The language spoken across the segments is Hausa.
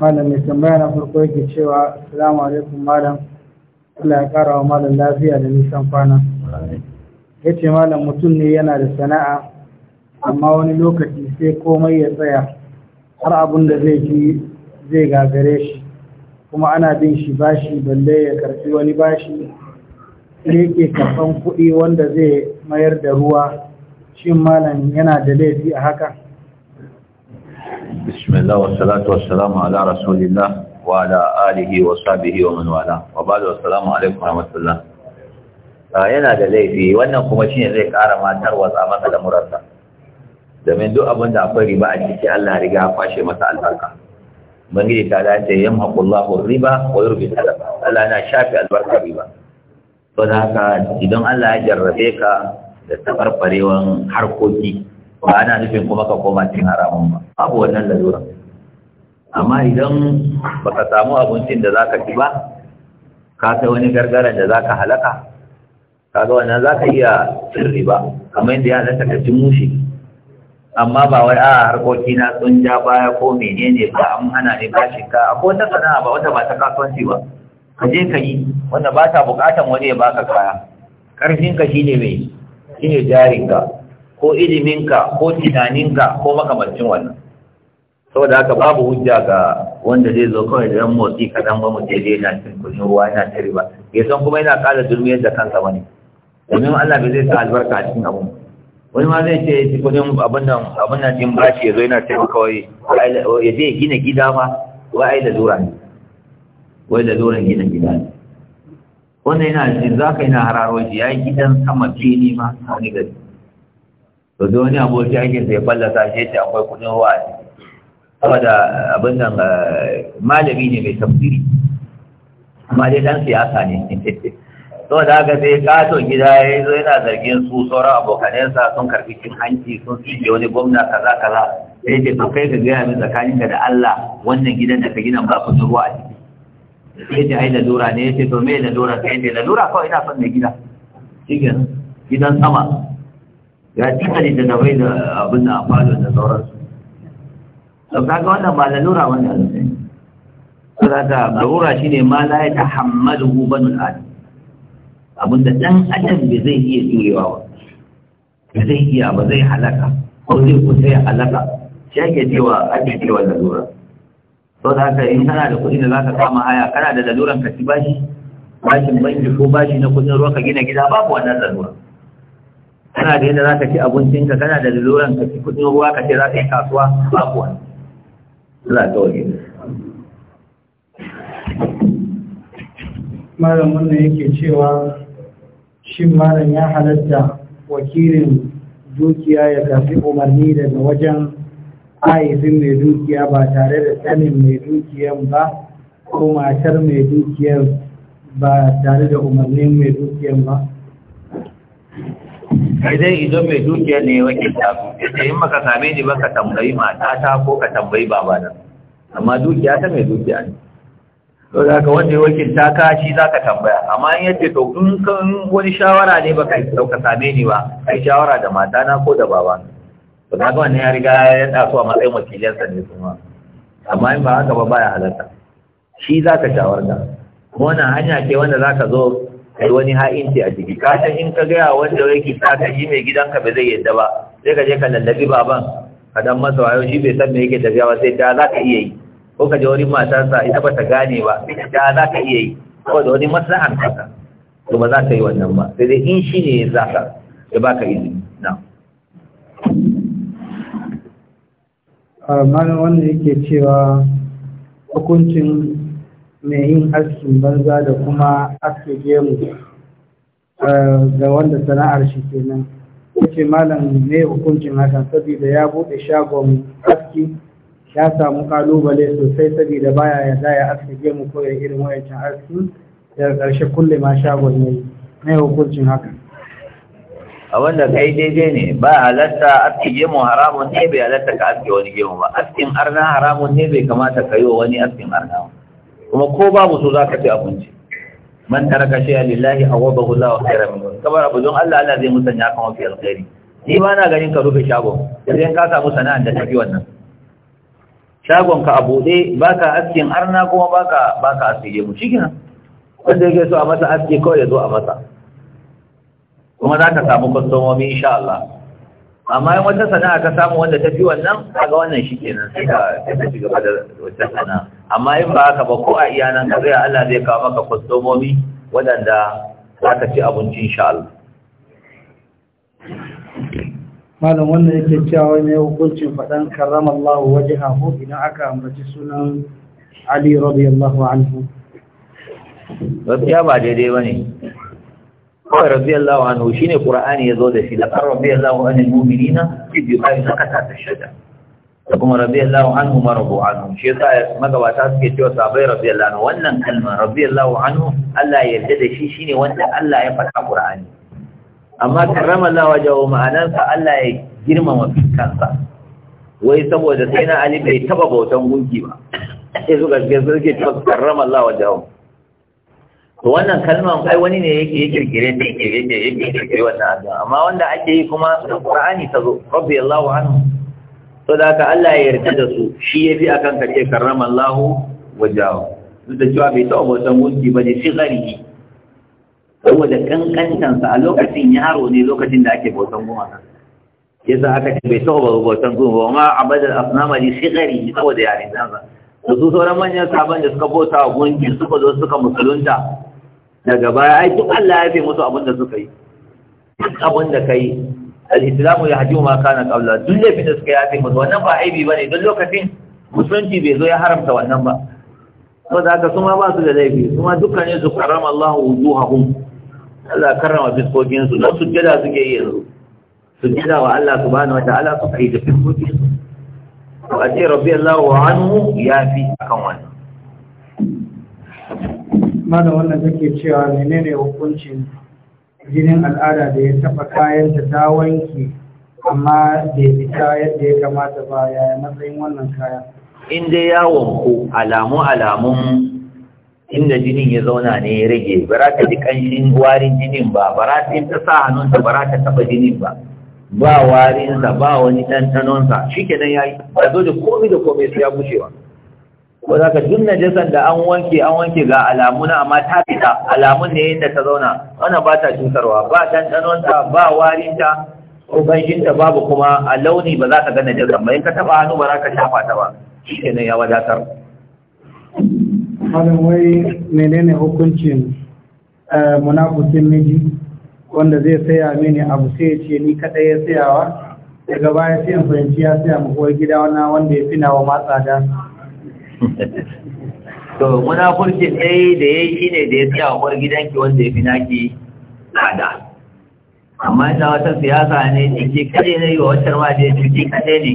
malam mai tambaya na farko yake cewa assalamu alaikum malam Allah ya kara wa malam lafiya da nisan kwana ya ce malam mutum ne yana da sana'a amma wani lokaci sai komai ya tsaya har abin da zai ji zai gagare shi kuma ana bin shi bashi balle ya karfi wani bashi sai yake kafan kuɗi wanda zai mayar da ruwa shin malam yana da laifi a haka بسم الله والصلاة والسلام على رسول الله وعلى آله وصحبه ومن والاه وبعد والسلام عليكم ورحمة الله yana da laifi wannan kuma shine zai ƙara matar watsa masa da abinda akwai riba a ciki Allah riga kwashe masa albarka bangiji ta da ta yamhaqu Allahu riba wa yurbi talaba Allah yana shafi albarka riba to haka idan Allah ya jarrabe ka da tabarbarewan harkoki ba ana nufin kuma ka koma cin haramun ba babu wannan lalura amma idan baka samu abincin da zaka ci ba ka sai wani gargaran da zaka halaka kaga wannan zaka iya sirri ba? kamar yadda ya halatta ka ci mushi amma ba wai a ah, harkoki na sun ja baya ko menene ba an hana ne shi ka akwai wata sana'a ba wata ba ta kasuwanci ba ka je ka yi wanda ba ta bukatan wani ya baka kaya karfin ka shine mai shine jarin ka ko iliminka ko tunaninka ko makamancin wannan saboda haka babu hujja ga wanda zai zo kawai da motsi kaɗan ba mu daidai na cin kudin ruwa yana ta riba ya san kuma yana ƙara durmiyar da kansa ne. domin Allah bai zai sa albarka a cikin abun wani ma zai ce ci abin nan abin nan din bashi ya zo yana ta kawai ya je gina gida ma wai ai da zura ne wai da zura gina gida ne wannan yana jin za ka yana hararo shi ya yi gidan sama fili ma a wani gari to wani aboki aikin sai fallasa shi ce akwai kudin ruwa a ciki saboda abin nan eh, malami ne mai tafsiri amma dai dan siyasa ne saboda haka sai ƙato gida ya zo yana zargin su sauran abokanensa sun karfi cin hanci sun tsige wani gwamna kaza kaza sai ce to kai ka gaya min tsakaninka da Allah wannan gidan da ka gina ba ku ruwa a ciki sai ce ai lalura ne ya ce to me lalura yi ce lalura kawai ina son mai gida shi gidan sama ya ci littattafai da abin da a falo da sauransu sau ta ga wannan ba lalura wannan alusai saboda ta larura shi ne ma la ya ta hammadu gubanul adam abin da ɗan adam bai zai iya jurewa ba bai zai iya ba zai halaka ko zai kusa ya halaka shi ake cewa ake cewa lalura sau da haka in kana da kuɗi da za ka kama haya kana da laluran ka ci bashi bashin banki ko bashi na kuɗin ruwa ka gina gida babu wannan lalura kana da yadda za ka ci abincinka kana da laluran ka ci kudin ruwa ka ce za ka yi kasuwa ba kuwa za ka waje malam wannan yake cewa shi malam ya halatta wakilin dukiya ya tafi umarni daga wajen aifin mai dukiya ba tare da tsanin mai dukiyan ba ko matar mai dukiyan ba tare da umarnin mai dukiyan ba kai dai idan mai dukiya ne ya wakilta sai yi maka same ni ba ka tambayi matata ko ka tambayi babana amma dukiya ta mai dukiya ne to da ka wanda ya wakilta ka shi za ka tambaya amma in yace to in kan wani shawara ne ba ka same ni ba kai shawara da matana ko da babana to kaga wannan ya riga ya su a matsayin sa ne kuma amma in ba haka ba baya halarta shi za ka shawarta wannan hanya ce wanda za ka zo kai wani ha'inci a ciki ka in ka gaya wanda yake ta yi shi mai gidanka ba zai yadda ba sai ka je ka lallabi baban ka dan masa wayo shi bai san me yake tafiya ba sai da za ka iya yi ko ka je wani matarsa ita ba ta gane ba da za ka iya yi ko da wani maslahan haka to ba za ka yi wannan ba sai dai in shi ne za ka ya ka izini na ah, malam wanda yake cewa hukuncin mai yin askin banza da kuma aske gemu eh, ga wanda sana'ar shi kenan yace malam ne hukuncin hakan saboda ya buɗe shagon aski ya samu kalubale sosai saboda baya yarda ya aske gemu ko ya irin wayancin aski daga ƙarshe kulle ma shagon yayi ne hukuncin hakan abinda kai daidai ne ba halatta aski gemu haramun ne bai halatta ka aski wani gemu ba askin arna haramun ne bai kamata ka yi wa wani askin arna ba kuma ko babu so za ka ci abinci man taraka a lillahi awadahu Allahu khairan minhu kamar abu don Allah Allah zai musanya kan wafi alkhairi ni ba na ganin ka rufe shagon sai ka samu sana'an da tafi wannan shagon ka a buɗe baka askin arna kuma baka baka asije mu shikenan wanda yake so a masa aski kawai ya zo a masa kuma za ka samu kwastomomi insha Allah amma yin wata sana'a ka samu wanda ta fi wannan kaga wannan shi kenan sai ka sai shiga gaba wata sana'a amma yin ba haka ba ko a iya nan ka zai Allah zai kawo maka kwastomomi waɗanda za ka ci abincin sha'alu. Allah malam wannan yake cewa ne hukuncin faɗan karramallahu wajhahu idan aka ambaci sunan Ali radiyallahu anhu ya ba daidai bane kawai shi ne shine ya zo da shi da radiyallahu anil mu'minina fi ƙasa ta tashada da kuma radiyallahu anhu maradu anhu shi yasa magabata suke cewa sabai Allah na wannan kalma wa anhu Allah ya yarda da shi shi ne wanda Allah ya faɗa qur'ani amma wa jawo ma'anansa Allah ya girmama fiskansa wai saboda sai na Ali bai taɓa bautan gunki ba sai suka ga suke cewa karramallahu wajhahu to wannan kalman kai wani ne yake yake kirkire ne yake yake yake kirkire wannan addu'a amma wanda ake yi kuma da Qur'ani ta zo rabbi Allahu anhu to da ka Allah ya yarda da su shi yafi akan ka ce karrama Allahu wajahu duk da cewa bai taɓa bautan mulki ba ne shi garihi saboda sa a lokacin yaro ne lokacin da ake bautan gumaka yasa aka ce bai taɓa bautan goma ba ma abadal asnama li shi garihi saboda yarintansa da su sauran manyan sabon da suka bauta wa gunki suka zo suka musulunta daga baya ai duk Allah ya fi musu abin da suka yi duk abin da kai al-islamu ya hadiyu ma kana qabla duk laifin da suka yafe musu wannan ba aibi bane don lokacin musulunci bai zo ya haramta wannan ba saboda haka su ma ba su da laifi Kuma ma ne su karrama Allah wujuhahum Allah karrama fiskokin su don sujjada suke yi yanzu sujjada wa Allah subhanahu wa ta'ala su kai da fiskokin su wa ce rabbi Allah wa anhu yafi akan wannan mada wannan take cewa menene hukuncin jinin al'ada da ya taɓa kayanta ta wanke amma da ya fita yadda ya kamata ba yaya matsayin wannan kaya in dai ya wanko alamu alamun inda jinin ya zauna ne ya rage ba ta ji ƙanshin warin jinin ba ba za ta yi ta sa hannunsa ba za ta taɓa jinin ba ba warinsa ba wani ɗanɗanonsa shi kenan ya yi ba zo da komai da komai su ya bushewa ko za ka duk najasar da an wanke an wanke ga alamuna amma ta fita alamun ne yadda ta zauna wannan ba ta cutarwa ba ɗanɗanonta ba warinta ko ganshinta babu kuma a launi ba za ka ga najasar ba in ka taɓa hannu ba za ka shafa ta ba shi nan ya wadatar. Malam wai menene hukuncin eh, munafukin miji wanda zai saya mini abu sai ya ce ni kaɗai ya sayawa daga baya sai in fahimci ya saya mu gida wani wanda ya fina wa matsada to munafurcin sai da ya yi ne da ya tsaya wa gidanki wanda ya fi naki tsada amma ina wata siyasa ne ke kare na yi wa wacce ma da ya cuci kaɗai ne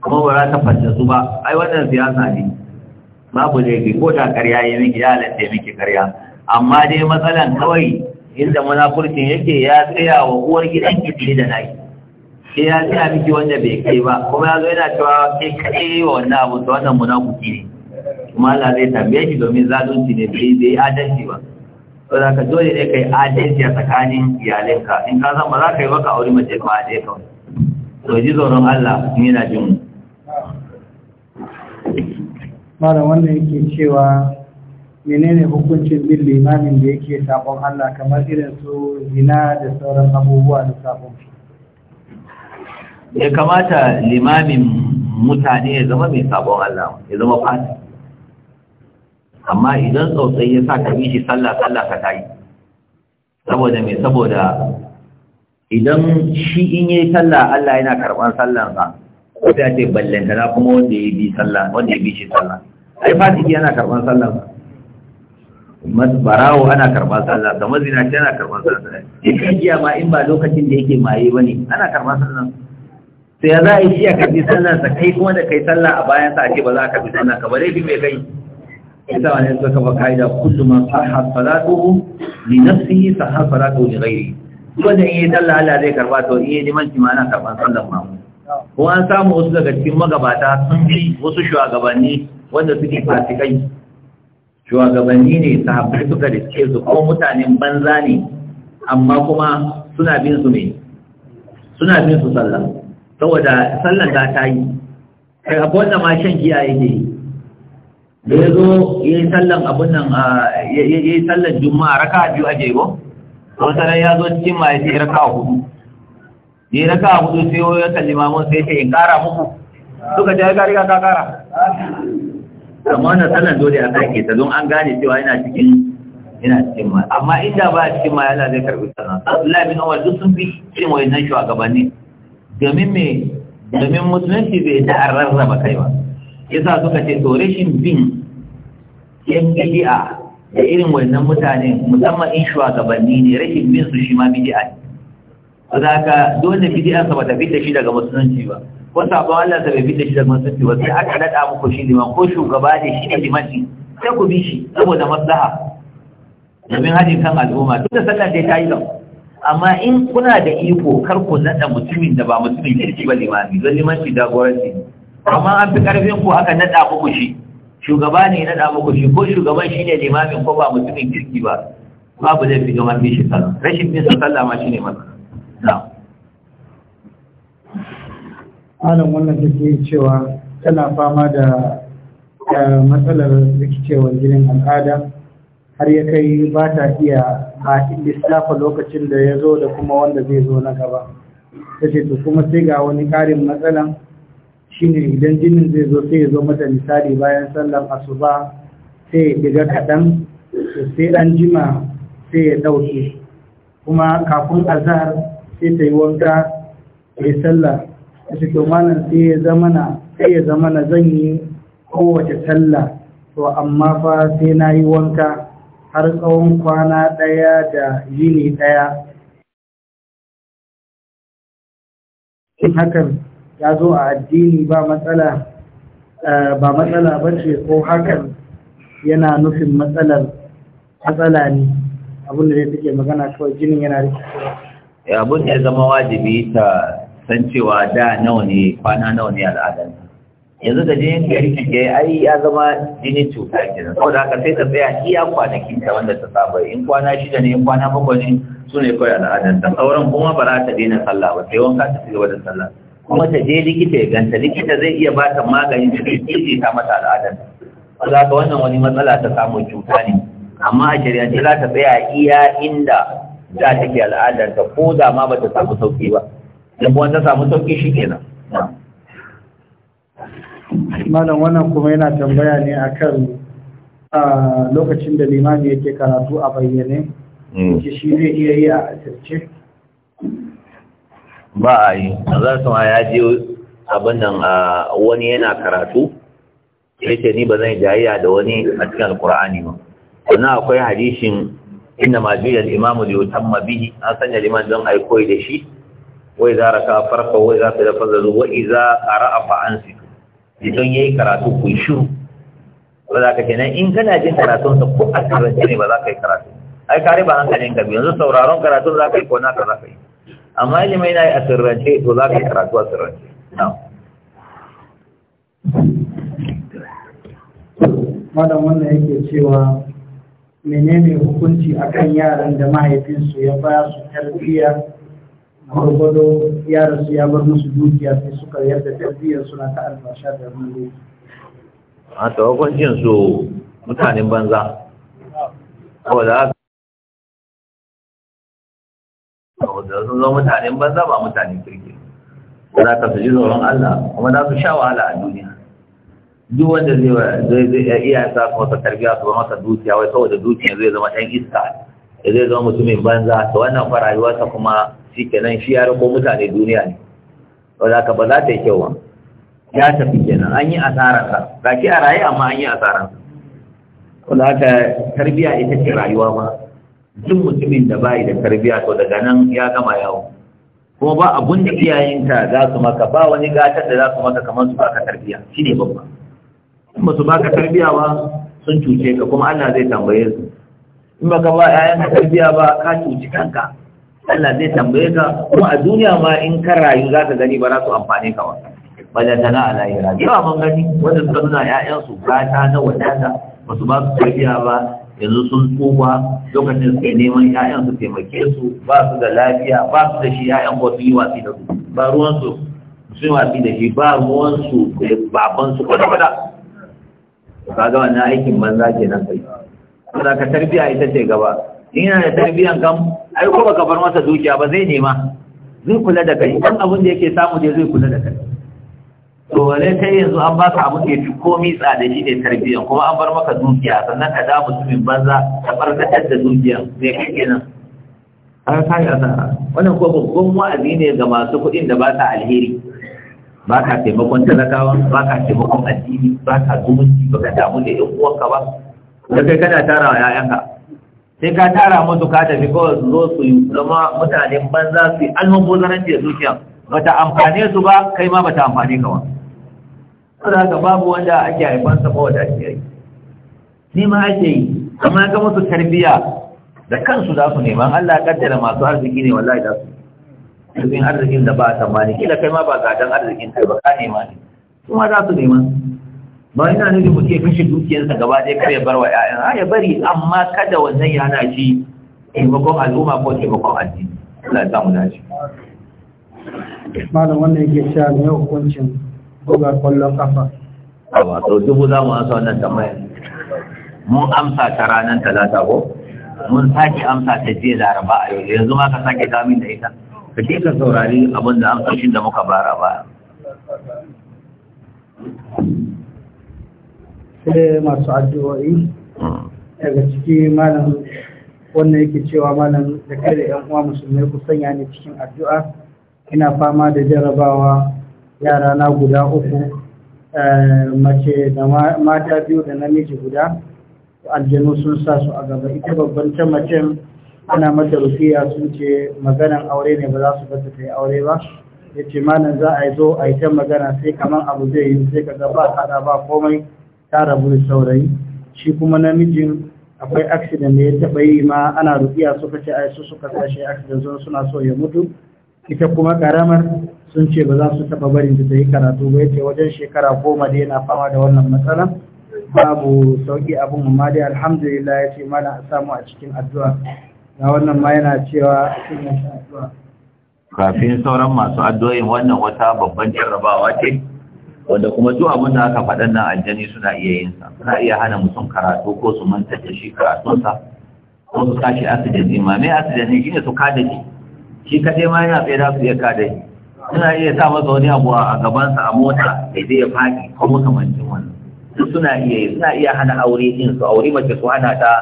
kuma ba za ta fata su ba ai wannan siyasa ne babu laifi ko ta karya ya miki ya halatta ya miki karya amma dai matsalan kawai inda munafurcin yake ya tsaya wa uwar gidanki fiye da naki ke ya a miki wanda bai kai ba kuma ya zo yana cewa ke kai wa wannan abu ta wannan munafuki ne kuma Allah zai tambaye shi domin zalunci ne bai bai adalci ba saboda ka dole ne kai adalci a tsakanin iyalinka in ka zama za ka yi maka aure mace ba a ɗaya kawai to ji tsoron Allah in yana jin mu. Malam wanda yake cewa menene hukuncin bin limamin da yake sabon Allah kamar irin su zina da sauran abubuwa da sabon shi. ya kamata limamin mutane ya zama mai sabon Allah ya zama fasi amma idan tsautsayi ya sa ka yi shi sallah sallah ka tayi saboda mai saboda idan shi in yi sallah Allah yana karban sallansa ko ta ce ballantana kuma wanda ya bi sallah wanda ya bi shi sallah ai ki yana karban sallansa barawo ana karɓar sallah da ce ana karɓar sallah da kan ma in ba lokacin da yake maye ba ne. ana karɓar sallah sai ya za a yi shi a sallah sa kai kuma da kai sallah a bayan sa ake ba za a kafin sallah ka bare bi mai kai ita wani suka kafa ka'ida kullu man sahha salatuhu li nafsihi sahha salatu li ghairihi wanda da yi sallah Allah zai karba to iya yi limanci ma ana karban sallar mu ko an samu wasu daga cikin magabata sun fi wasu shugabanni wanda suke fasikai shugabanni ne sahabbai suka riske su ko mutanen banza ne amma kuma suna bin su ne suna bin su sallah saboda sallan da ta yi kai akwai ma shan giya yake yi da ya zo ya yi sallan abin nan ya yi sallan juma'a raka biyu a jego wata nan ya zo cikin ma ya ce raka hudu da ya raka hudu sai ya kalli mamun sai ce in kara muku suka ce ya kari ka kara amma wannan sallan dole a sake ta don an gane cewa yana cikin yana cikin ma amma inda ba a cikin ma yana zai karbi sallan Abdullahi bin awal duk sun fi irin wayannan shugabanni domin me domin musulunci bai da an rarraba kai ba yasa suka ce to rashin bin yan bidi'a da irin wannan mutane musamman in shugabanni ne rashin bin su shi ma bidi'a ne za ka dole bidi'a sa bata fita shi daga musulunci ba ko sabon Allah sa bai fita shi daga musulunci ba sai aka nada muku shi ne ko shugaba ne shi mace sai ku bi shi saboda maslaha domin hadin kan al'umma duk da sallah dai ta yi lau amma in kuna da iko kar ku naɗa mutumin da ba mutumin kirki ba limami don limanci jagoranci amma an fi karfin ku aka nada muku shi shugaba ne nada muku shi ko shugaban shi ne limamin ko ba mutumin kirki ba babu zai fi zama fi shi sallah rashin bin sallah ma shi ne matsala na wannan take cewa tana fama da eh, matsalar rikicewar jinin al'ada har ya kai ba ta iya a lissafa lokacin da ya zo da kuma wanda zai zo na gaba ta ce to kuma sai ga wani ƙarin matsalan shine idan jinin zai zo sai ya zo mata misali bayan sallar asuba sai ya diga kaɗan sai ɗan jima sai ya ɗauke kuma kafin azar sai ta yi wanka ya sallah a cikin malam sai ya zamana sai ya zamana zan yi kowace sallah to amma fa sai na yi wanka har tsawon kwana ɗaya da yini ɗaya hakan ya zo a addini ba matsala eh, ba matsala ba ce ko hakan yana nufin matsalar matsala ne abinda da take magana kawai jinin yana rikicewa eh, abin ya zama wajibi ta san cewa da nawa ne kwana nawa ne al'adarsa yanzu da jinin ka rikice ai ya zama jinin cuta kenan saboda haka sai ta tsaya iya kwanaki ta wanda ta saba in kwana shida ne in kwana bakwai ne su ne kawai al'adar ta sauran kuma ba za ta daina sallah ba sai wanka ta cigaba da sallah kuma ta je likita ya ganta likita zai iya ba ta magani da zai tsiri ta mata al'adar ta za ka wannan wani matsala ta samu cuta ne amma a ce za ta tsaya iya inda za ta ke al'adar ta ko da ma ba ta samu sauki ba idan kuma ta samu sauki shi kenan malam wannan kuma yana tambaya ne a kan lokacin da limani yake karatu a bayyane hmm. shi zai iya yi a asirce ba a yi a za su ma ya je abinnan wani yana karatu ya ce ni ba zan jayayya da wani a cikin alkur'ani ba wannan akwai hadishin inda ma juya imamu da yutamma bihi an sanya liman don a da shi wai za raka farko wai za su da fazazu wai za a ra'a fa'ansu idan yayi karatu ku shiru ba za ka ce nan in kana jin karatun sa ko a karance ne ba za ka yi karatu ai kare ba hankalin ka yanzu sauraron karatun za ka yi ko na ka za ka yi amma ilimi na yi a sirrance to za ka yi karatu a sirrance madan wannan yake cewa menene hukunci akan yaran da mahaifinsu ya ba su tarbiyya gwado, ya rasu ya bar musu dukiya sai suka yadda tarbiyyar suna ta albasha da rungu a tawakwancin su mutanen banza saboda haka saboda sun zo mutanen banza ba mutanen kirki za ka su ji tsoron Allah kuma za su sha wahala a duniya duk wanda zai iya sa masa tarbiyya su ba masa dukiya wai saboda dukiya zai zama ɗan iska ne. da zai zama mutumin banza ta wannan fa rayuwarsa kuma shi kenan shi ya rako mutane duniya ne wanda ka ba za ta yi kyau ba ya tafi kenan an yi asararsa ba ki a raye amma an yi asararsa wanda haka tarbiya ita ce rayuwa ba? duk mutumin da bayi da tarbiya to daga nan ya gama yawo kuma ba abun da iyayenka za su maka ba wani gatar da za su maka kamar su baka tarbiya shi ne babba in ba su baka tarbiya ba sun cuce ka kuma Allah zai tambaye su in ka ba ƴaƴanka tarbiya ba ka cuci kanka Allah zai tambaye ka kuma a duniya ma in ka rayu za ka gani ba za su amfane ka ba a na alayira yawa ban gani wanda suka nuna ƴaƴansu gata na wadata ba su ba su tarbiya ba yanzu sun tsufa lokacin suke neman ƴaƴan su taimake su ba su da lafiya ba su da shi ƴaƴan ba su yi watsi da su ba ruwansu su yi watsi da shi ba ruwansu da babansu kwata-kwata ka ga wannan aikin banza kenan kai saboda ka tarbiya ita ce gaba in yana da tarbiyan kam ai ko baka bar masa dukiya ba zai nema zai kula da kai dan abin da yake samu dai zai kula da kai to wale kai yanzu an baka abin da yafi komai tsada shi ne tarbiyan kuma an bar maka dukiya sannan ka da mutumin banza ka barkatar da dukiya mai kake nan an kai asara wannan ko babban wa'azi ne ga masu kuɗin da ba ta alheri ba ka taimakon talakawa ba ka taimakon addini ba ka zumunci ba ka damu da yan uwanka ba da kai kana tara wa ƴaƴanka sai ka tara musu ka tafi kawai su zo su yi zama mutanen banza su yi almubazaranci da dukiya bata amfane su ba kai ma bata amfane ka ba da haka babu wanda ake haifansa ba wanda ake yi ni ma ake yi amma ga musu tarbiyya da kansu za su neman Allah ya kaddara masu arziki ne wallahi da su domin arzikin da ba a tambani kila kai ma ba gadan arzikin kai ba ka nema ne kuma za su nema ba ina nufin mutum ya kashe dukiyarsa gaba ɗaya kar ya bar wa ƴaƴan ya bari amma kada wannan ya hana shi taimakon al'umma ko taimakon addini Allah ya samu dace malam wannan yake cewa ne hukuncin buga kwallon kafa a ba sau dubu za mu amsa wannan tambayar mun amsa ta ranar talata ko mun sake amsa ta jiya laraba a yau yanzu ma ka sake kamin da ita ka je ka saurari abin da amsoshin da muka bara ba sai masu addu'o'i daga ciki malam wannan yake cewa malam da kai da yan uwa musulmai ku sanya ni cikin addu'a ina fama da jarabawa yara na guda uku eh, mace da mata biyu da namiji guda aljanu sun sa su a gaba ita babban ta macen ana mata rufiya sun ce maganan aure ne ba za su bata ta yi aure ba ya ce malam za a yi zo a yi ta magana sai kamar abu zai yi sai ka ga ba kada ba komai ta rabu da saurayi shi kuma namijin akwai accident da ya taba yi ma ana rufiya suka ce a su suka kashe accident zuwa suna so ya mutu ita kuma karamar sun ce ba za su taba barin ta yi karatu ba yace wajen shekara goma da yana fama da wannan matsala babu sauki abin amma dai alhamdulillah ya ce a samu a cikin addu'a Na wannan ma yana cewa a cikin addu'a kafin sauran masu addu'a wannan wata babban jarrabawa ce wanda kuma zuwa abin da aka faɗan nan aljani suna iya yin sa suna iya hana mutum karatu ko su manta da shi karatunsa ko su sashi asidani ma mai ne shi ne su kada shi shi kaɗai ma yana tsaye za su iya kada shi suna iya sa masa wani abu a gabansa a mota da zai ya faɗi ko makamancin wannan duk suna iya yi suna iya hana aure din su aure mace su hana ta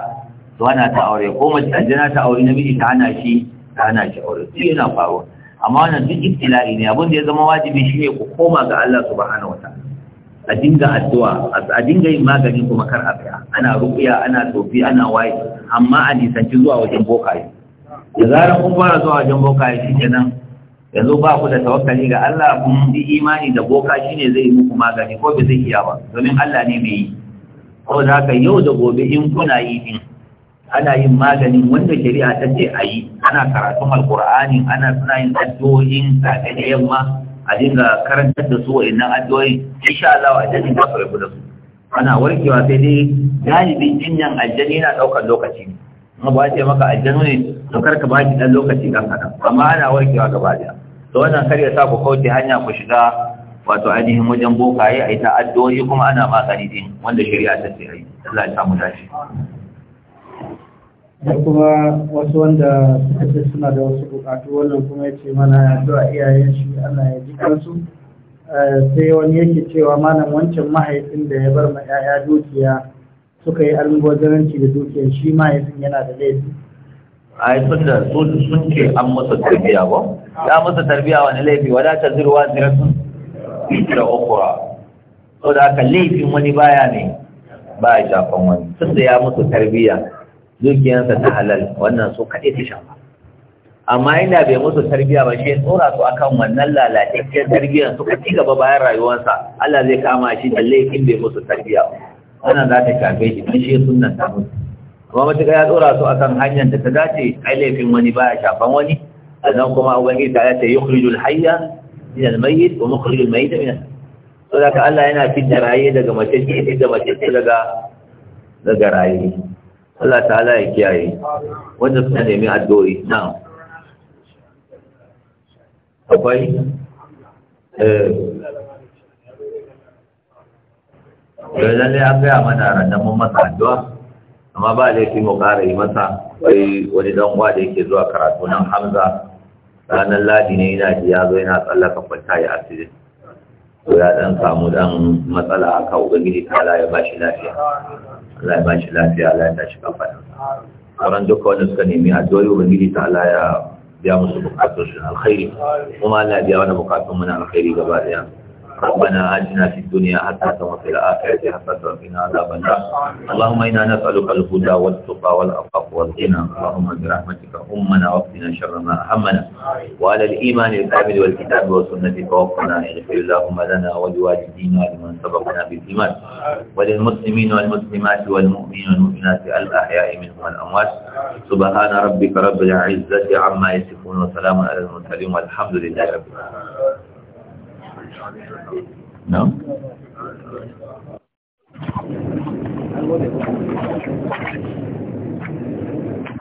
su hana ta aure ko mace aljana ta aure namiji ta hana shi ta hana shi aure shi yana faruwa amma wannan duk ibtila'i ne abin da ya zama wajibi shine ku koma ga Allah subhanahu wataala a dinga addu'a a dinga yin magani kuma kar a tsaya ana ruqiya ana tofi ana waye amma a nisanci zuwa wajen bokaye da zarar kun fara zuwa wajen bokaye shikenan yanzu ba ku da tawakkali ga Allah kun yi imani da boka shine zai muku magani ko bai zai iya ba domin Allah ne mai yi ko da haka yau da gobe in kuna yi din ana yin maganin wanda shari'a ta ce a yi ana karatun alkur'ani ana suna yin addu'o'in safe da yamma a dinga karantar da su wa innan addu'o'in insha Allah a jani ba su rabu su ana warkewa sai dai galibin jinyan aljani yana ɗaukar lokaci ne kuma ba ce maka aljanu ne to kar ka baki dan lokaci kan haka amma ana warkewa gaba daya to wannan kar ya sa ku kauce hanya ku shiga wato ainihin wajen boka ya yi ta addu'o'i kuma ana magani din wanda shari'a ta ce a yi Allah ya samu dace da kuma wasu wanda suka ce suna da wasu bukatu wannan kuma ya ce mana ya zuwa iyayen shi Allah ya ji kansu eh, sai wani yake cewa malam wancan mahaifin da ya bar ma 'ya'ya dukiya suka yi almubazaranci da dukiyar shi mahaifin yana da laifi a yi sun da sun ce an masa tarbiya ba ya masa tarbiya wani laifi wadatar zirwa ziratun da okura so da aka laifin wani baya ne ba ya shafan wani sun da ya musu tarbiya dukiyansa ta halal wannan su kaɗai ta shafa amma inda bai musu tarbiya ba shi tsora su akan wannan lalatacciyar tarbiyyar suka ci gaba bayan rayuwarsa Allah zai kama shi da laifin bai musu tarbiya ana za ta shafe shi don shi sunan ta musu amma matuƙa ya tsora su akan hanyar da ta dace ai laifin wani baya shafan wani sannan kuma ubangiji ta yi yukhrijul hayya min almayyit wa mukhrijul mayyit min al saboda Allah yana fitar raye daga mace ce da mace ce daga daga raye Allah ta'ala ya kiyaye wanda suna nemi addu'o'i na akwai eh, da lalle an gaya mana ranar mun masa addu'a amma ba laifi mu ƙara yi masa wai wani dan uwa da yake zuwa karatu nan hamza ranar ladi ne yana ji ya zo yana tsallaka kwanta ya asibiti to ya dan samu dan matsala aka ubangiji ta ya ba shi lafiya Allah ya ba shi lafiya Allah ya tashi kafaɗin sauran duka wanda suka nemi addu'o'i ubangiji ta Allah ya biya musu bukatun alkhairi kuma Allah ya biya wani bukatun muna alkhairi gaba daya ربنا آتنا في الدنيا حسنة وفي الآخرة حسنة وقنا عذاب النار اللهم إنا نسألك الهدى والتقى والعفاف والغنى اللهم برحمتك أمنا واقتنا شر ما همنا وعلى الإيمان الكامل والكتاب والسنة توفنا اغفر اللهم لنا ولوالدينا ولمن سبقنا بالإيمان وللمسلمين والمسلمات والمؤمنين والمؤمنات الأحياء منهم والأموات سبحان ربك رب العزة عما يصفون وسلام على المرسلين والحمد لله رب العالمين na? Thank you.